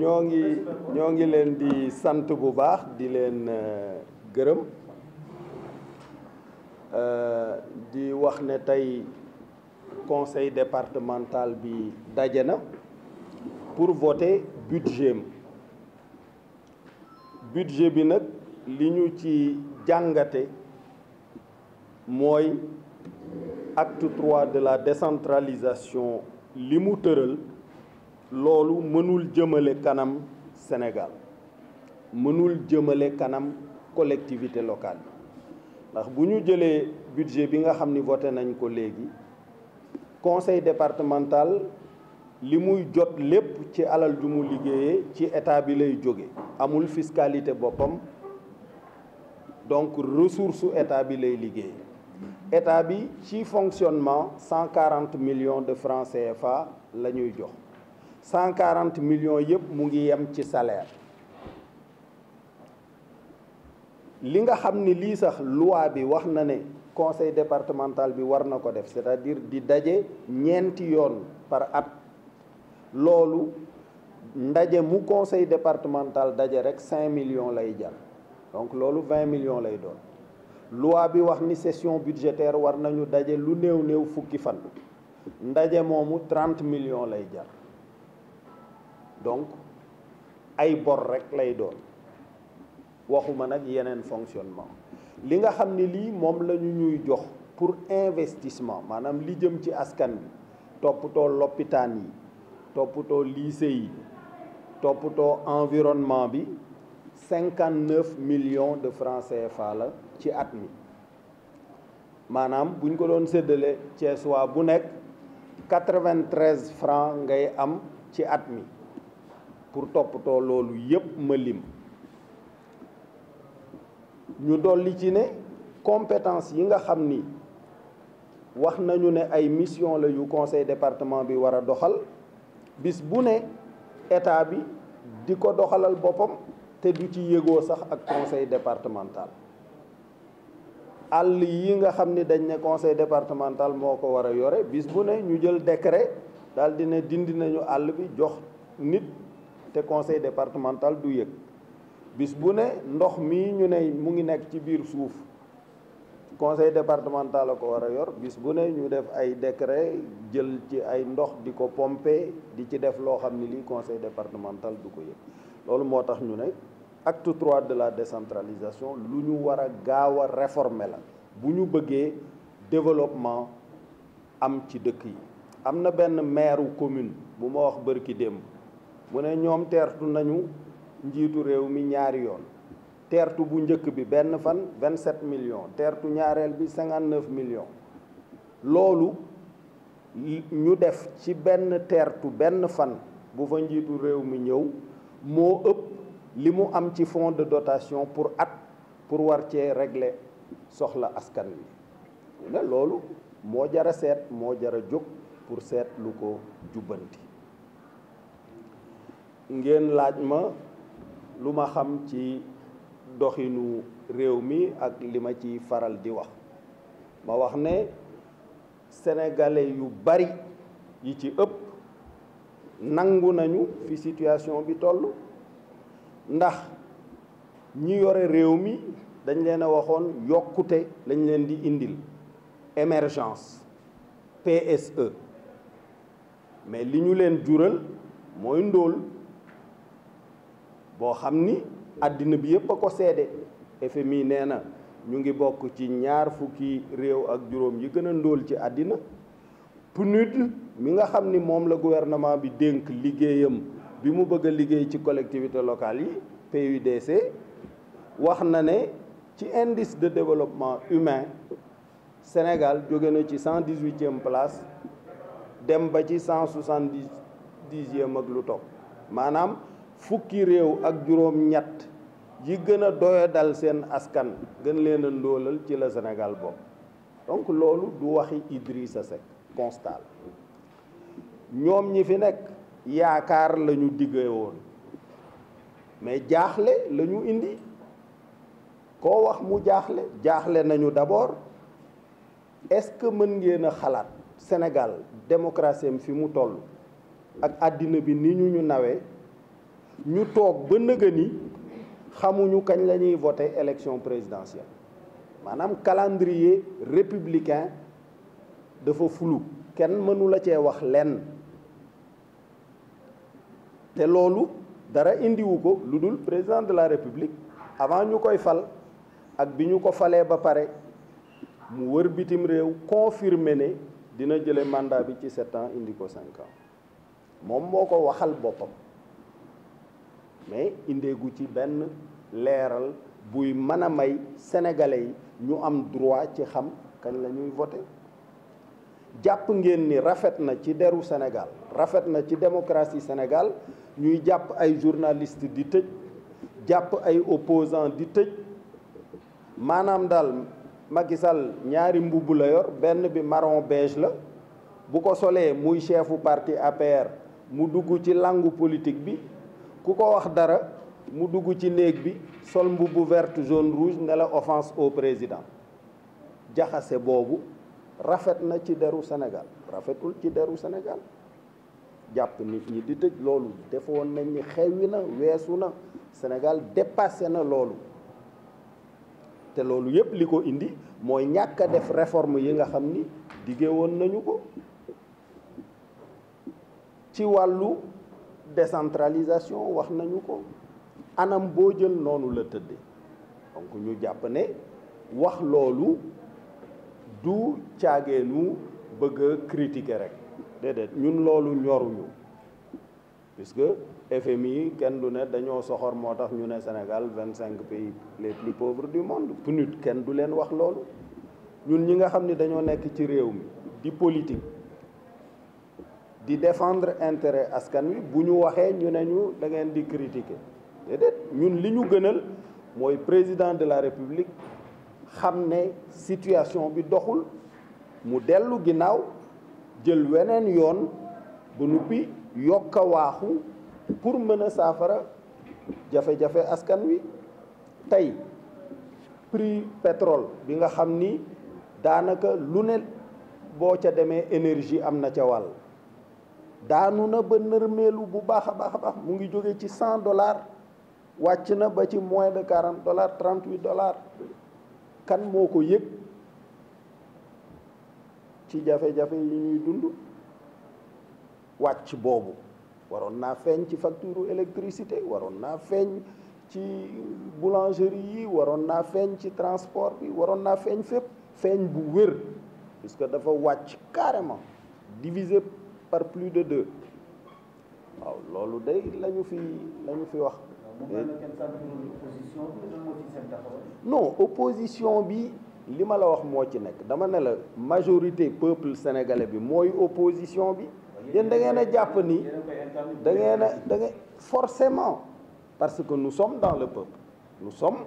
ñoo ngi ñoo ngi leen di sant bu baax di leen euh, gërëm euh, di wax ne tey conseil départemental bi daje na pour voter budget budget bi nag li ñu ci jàngate mooy acte trois de la décentralisation li mu tëral loolu mënul jëmale kanam Sénégal mënul jëmale kanam collectivité locale bi ndax bu ñu jëlee budget bi nga xam ni voté nañ ko léegi conseil départemental li muy jot lépp ci alal jumu mu liggéeyee ci état bi lay jóge amul fiscalité boppam donc ressource état bi lay liggéey état bi ci fonctionnement cent quarante millions de francs CFA la ñuy jox cent quarante millions yëpp mu ngi yem ci salaire li nga xam ni lii sax loi bi wax na ne conseil départemental bi war na ko def c'est-à-dire di daje ñeenti yoon par at loolu ndaje mu conseil départemental daje rek cinq millions lay jàll donc loolu vingt millions lay doon loi bi wax ni session budgétaire war nañu daje lu néew néew fukki fan ndaje moomu trente millions lay jar donc ay bor rek lay doon waxuma nag yeneen fonctionnement li nga xam ni lii moom lañu ñuy jox pour investissement maanaam li jëm ci askan bi toppatoo loppitaan yi toppatoo lycée yi toppatoo environnement bi cinquante neuf millions de francs CFA la ci at mi maanaam bu ñu ko doon séddale Cees waa bu nekk quatre vingt francs ngay am ci at mi pour toppatoo loolu yépp ma lim ñu dolli ci ne compétence yi nga xam ni wax nañu ne ay mission la yu conseil département bi war a doxal bis bu ne état bi di ko doxalal boppam te du ci yëgoo sax ak conseil départemental àll yi nga xam ni dañ ne conseil départemental moo ko war a yore bis bu ne ñu jël décret daal di ne dindi nañu àll bi jox nit te conseil départemental du yëg bis bu ne ndox mii ñu ne mu ngi nekk ci biir suuf conseil départemental la ko war a yor bis bu ne ñu def ay décret jël ci ay ndox di ko pomper di ci def loo xam ni li conseil départemental du ko yëg loolu moo tax ñu ne acte trois de la décentralisation lu ñu war a gaaw a réformer la bu ñu bëggee développement am ci dëkk yi am na benn maire commune bu ma wax bërki démb mu ne ñoom teertu nañu njiitu réew mi ñaari yoon teertu bu njëkk bi benn fan 27 millions teertu ñaareel bi 59 millions loolu ñu def ci benn teertu benn fan bu fa njiitu réew mi ñëw moo ëpp li mu am ci fonds de dotation pour at pour war cee régler soxla askan wi mu ne loolu moo jara seet moo jara jóg pour seet lu ko jubbanti ngeen laaj ma lu ma xam ci doxinu réew mi ak li ma ci faral di wax ma wax ne sénégalais yu bari yi ci ëpp nangu nañu fi situation bi toll ndax ñi yore réew mi dañ leen a waxoon yokkute lañ leen di indil émergence PSE mais li ñu leen jural mooy ndóol boo xam ni àddina bi yëpp a ko seede FMI nee na ñu ngi bokk ci ñaar fukki réew ak juróom yi gën a ndóol ci àddina PNUD mi nga xam ni moom la gouvernement bi dénk liggéeyam bi mu bëgg liggéey ci collectivité locale yi PUDC wax na ne ci indice de développement humain Sénégal jóge na ci cent dix huitième place dem ba ci cent soixante dix dixième ak lu topp maanaam fukki réew ak juróom-ñett yi gën a doyadal seen askan gën leen a ndóolal ci la Sénégal bopp donc loolu du waxi Idrissa Seck constal ñoom ñi fi nekk yaakaar lañu ñu diggee woon mais jaaxle la ñu indi koo wax mu jaaxle jaaxle nañu d'abord est-ce que mën ngeen a xalaat Sénégal démocratie fi mu toll ak àddina bi ni ñu ñu nawee ñu toog ba nëga ni xamuñu kañ la ñuy voté élection présidentielle maanaam calendrier républicain dafa flou kenn mënu la cee wax lenn te loolu dara indiwu ko lu dul président de la république avant ñu koy fal ak bi ñu ko falee ba pare mu wër bitim réew confirmer ne dina jële mandat bi ci sept indi ko cinq moom moo ko waxal boppam mais indeegu ci benn leeral buy mën a may sénégalais yi ñu am droit ci xam kañ lañuy ñuy jàpp ngeen ni rafet na ci deru Sénégal rafet na ci démocratie Sénégal ñuy jàpp ay journaliste di tëj jàpp ay opposant di tëj maanaam daal Macky ñaari mbubb la yor benn bi maron beige la bu ko solee muy chefu partie APR mu dugg ci langu politique bi ku ko wax dara mu dugg ci néeg bi sol mbubu vert jaune rouge ne la au président jaxase boobu rafet na ci deru senegal rafetul ci deru senegal jàpp nit ñi di tëj loolu defoon nañ ni xewwi na weesu na senegal dépassé na loolu te loolu yëpp li ko indi mooy ñàkk def réforme yi nga xam ni diggé woon nañu ko ci wàllu décentralisation wax nañu ko anam boo jël noonu la tëdde donc ñu jàpp ne wax loolu du caageenu bëgg a critiquer rek déedéet ñun loolu ñoruñu puisque FMI kenn du ne dañoo soxor moo tax ñu ne Sénégal vingt cinq pays le plus pauvres du monde PNUD kenn du leen wax loolu ñun ñi nga xam ni dañoo nekk ci réew mi di politique di défendre intérêt askan wi bu ñu waxee ñu ne ñu da ngeen di critiquer ñun li ñu gënal mooy président de la république xam ne situation bi doxul mu dellu ginnaaw jël weneen yoon ba nuppi yokk a waaxu pour mën a saafara jafe-jafe askan wi tey prix pétrole bi nga xam ni daanaka lu ne boo ca demee énergie am na ca wàll daanu na ba nërmeelu bu baax a baax a baax mu ngi jóge ci cent dollars wàcc na ba ci moins de quarante dollars trente huit dollars kan moo ko yëg ci jafe-jafe yi ñuy dund wàcc boobu waroon naa feeñ ci facture électricité waroon naa feeñ ci boulangerie yi waroon naa feeñ ci transport bi waroon naa feeñ fépp feeñ bu wér que dafa wàcc carrément divisé par plus de deux waaw loolu day la ñu fi la ñu fi wax. non opposition bi li ma la wax moo ci nekk dama ne la majorité peuple sénégalais bi mooy opposition bi. yéen da ngeen a jàpp ni da a da ngeen forcément parce que nous sommes dans le peuple nous sommes.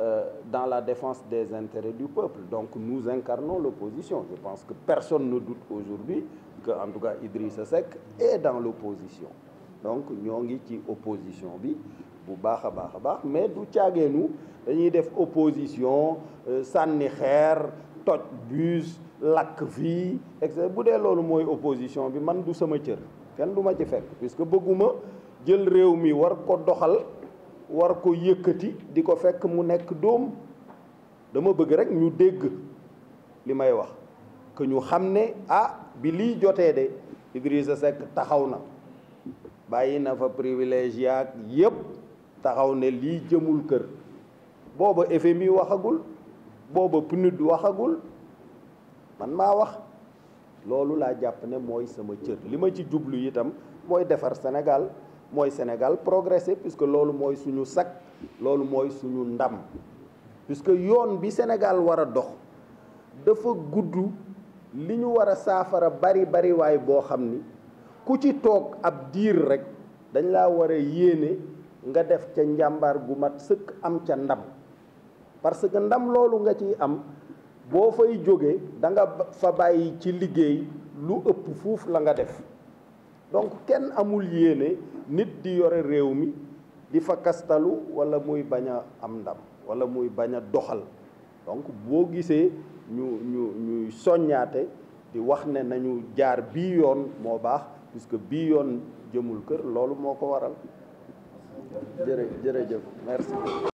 Euh, dans la défense des intérêts du peuple. Donc nous incarnons l'opposition. Je pense que personne ne doute aujourd'hui que, en tout cas, Idrissa Seck est dans l'opposition. Donc ñoo ngi ci opposition bi bu baax a baax a baax mais du caageenu dañuy def opposition euh, sànni xeer toj bus lakk fii et bu dee loolu mooy opposition bi man du sama cër kenn du ma ci fekk puisque bëgguma jël réew mi war ko doxal war ko yëkkati di ko fekk mu nekk dóom dama bëgg rek ñu dégg li may wax que ñu xam ne ah bi lii jotee de Idrissa Seck taxaw na bàyyi na fa privilège yaag yépp taxaw ne lii jëmul kër booba FMI waxagul booba PNUD waxagul man maa wax loolu laa jàpp ne mooy sama cër li ma ci jublu itam mooy defar senegal mooy Sénégal progresser puisque loolu mooy suñu sag loolu mooy suñu ndam puisque yoon bi Sénégal war a dox dafa gudd li ñu war a saafara bari bari waay boo xam ni ku ci toog ab diir rek dañ la war a yéene nga def ca njàmbar gu mat sëkk am ca ndam parce que ndam loolu nga ciy am boo fay jóge da nga fa bàyyi ci liggéey lu ëpp fuuf la nga def donc kenn amul yéene nit di yore réew mi di fa kastalu wala muy bañ a am ndam wala muy bañ a doxal donc boo gisee ñu ñu ñuy soññaate di wax ne nañu jaar bii yoon moo baax puisque bii yoon jëmul kër loolu moo ko waral jërë jërëjëf merci